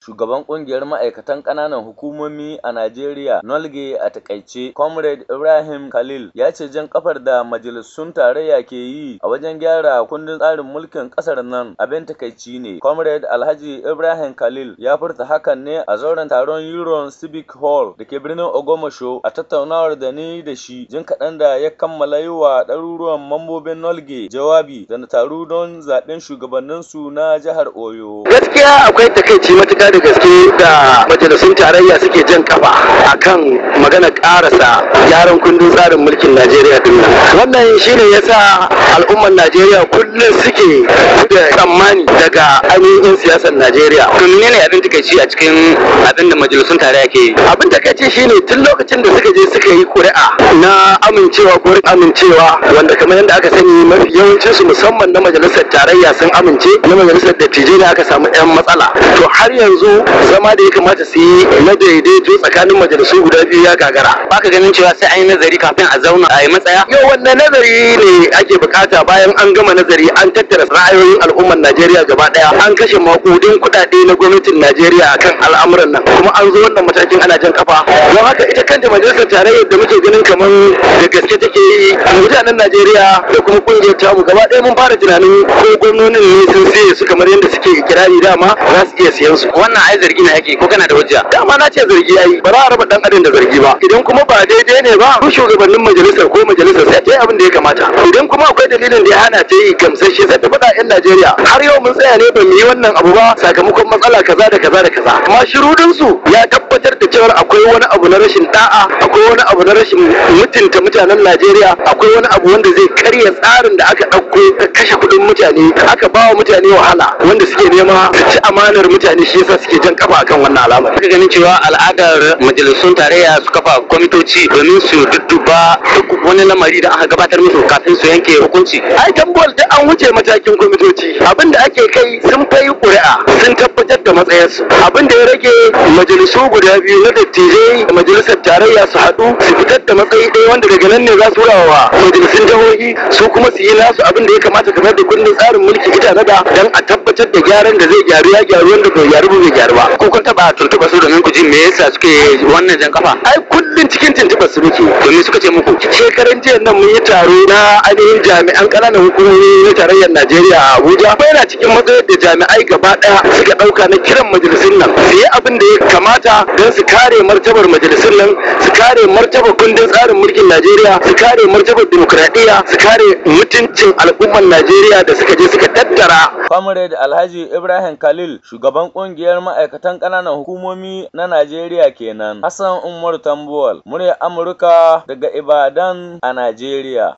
Shugaban kungiyar ma'aikatan ƙananan hukumomi a Najeriya Nolge a takaice, Comrade Ibrahim Khalil ya ce jan kafar da majalisun tarayya ke yi a wajen gyara kundin tsarin mulkin ƙasar nan abin takaici ne. Comrade Alhaji Ibrahim Khalil ya furta hakan ne a zauren taron Euron Civic Hall da ke birnin Ogomosho a tattaunawar da ni da shi jin kaɗan da ya kammala yi wa ɗaruruwan mambobin Nolge jawabi da na taru don zaɓen shugabanninsu na jihar Oyo. Gaskiya akwai takaici matuƙa da gaske da majalisun tarayya suke jan kafa kan magana karasa gyaran kundin tsarin mulkin najeriya din nan wannan shine yasa al'ummar najeriya kullum suke da tsammani daga ainihin siyasar Najeriya. To ne abin takaici a cikin abin da majalisun tarayya ke yi? Abin takaici shine tun lokacin da suka je suka yi kuri'a na amincewa ko amincewa wanda kamar yadda aka sani mafi yawancin su musamman na majalisar tarayya sun amince na majalisar dattijai ne aka samu 'yan matsala. To har yanzu zama da ya kamata su yi na daidaito tsakanin majalisu guda biyu ya gagara. Ba ka ganin cewa sai an yi nazari kafin a zauna a yi matsaya? Yau wannan nazari ne ake bukata bayan an gama nazari an tattara ra'ayoyin al'umma al'ummar Najeriya gaba daya an kashe makudin kuɗaɗe na gwamnatin Najeriya akan al'amuran nan kuma an zo wannan matakin ana jan kafa don haka ita kanta majalisar tarayya da muke ganin kamar da gaske take yi mutanen Najeriya da kuma kungiyar tamu gaba daya mun fara tunanin ko gwamnonin ne sun siye su kamar yadda suke kirari dama za su iya siyan su wannan ai zargi ne yake ko kana da hujja dama na ce zargi yayi ba za a raba dan adam da zargi ba idan kuma ba daidai ne ba Ko shugabannin majalisar ko majalisar sai ta yi abin da ya kamata idan kuma akwai dalilin da ya hana ta yi gamsashe sai ta faɗa 'yan Najeriya har yau mun tsaya ne ba mu yi wannan abu ba sakamakon matsala kaza da kaza da kaza amma shirudin su ya tabbatar da cewa akwai wani abu na rashin da'a akwai wani abu na rashin mutunta mutanen Najeriya akwai wani abu wanda zai karya tsarin da aka ɗauko ta kashe kuɗin mutane aka ba wa mutane wahala wanda suke nema su ci amanar mutane shi yasa suke jan kafa akan wannan alama. suka ganin cewa al'adar majalisun tarayya su kafa kwamitoci domin su dudduba duk wani lamari da aka gabatar musu kafin su yanke hukunci ai tambuwar da an wuce matakin kwamitoci abin da ake kai sun fai ƙuri'a sun tabbatar da matsayarsu abin da ya rage majalisu guda biyu na dattijai da majalisar tarayya su haɗu su fitar da matsayi ɗaya wanda daga nan ne za su wa majalisun jihohi su kuma su yi nasu abin da ya kamata kamar da kundin tsarin mulki ita na da don a tabbatar da gyaran da zai gyaru ya gyaru wanda bai gyaru ba bai gyaru ba ko kun taɓa tuntuɓa su domin ku ji me yasa suke wannan jan kafa ai kullum cikin tuntuɓa su muke domin suka ce muku shekaran jiya nan mun yi taro na ainihin jami'an ƙananan hukumomi na tarayyar Najeriya a Abuja ba yana cikin matsayar da jami'ai gaba daya suka ɗauka na kiran majalisun nan su yi abin da ya kamata don su kare martabar majalisun nan su kare martabar kundin tsarin mulkin Najeriya su kare martabar demokradiyya su kare mutuncin al'ummar Najeriya da suka je suka tattara Comrade Alhaji Ibrahim Khalil shugaban kungiyar ma'aikatan ƙananan hukumomi na Najeriya kenan Hassan Umar Tambuwal murya Amurka daga Ibadan a Najeriya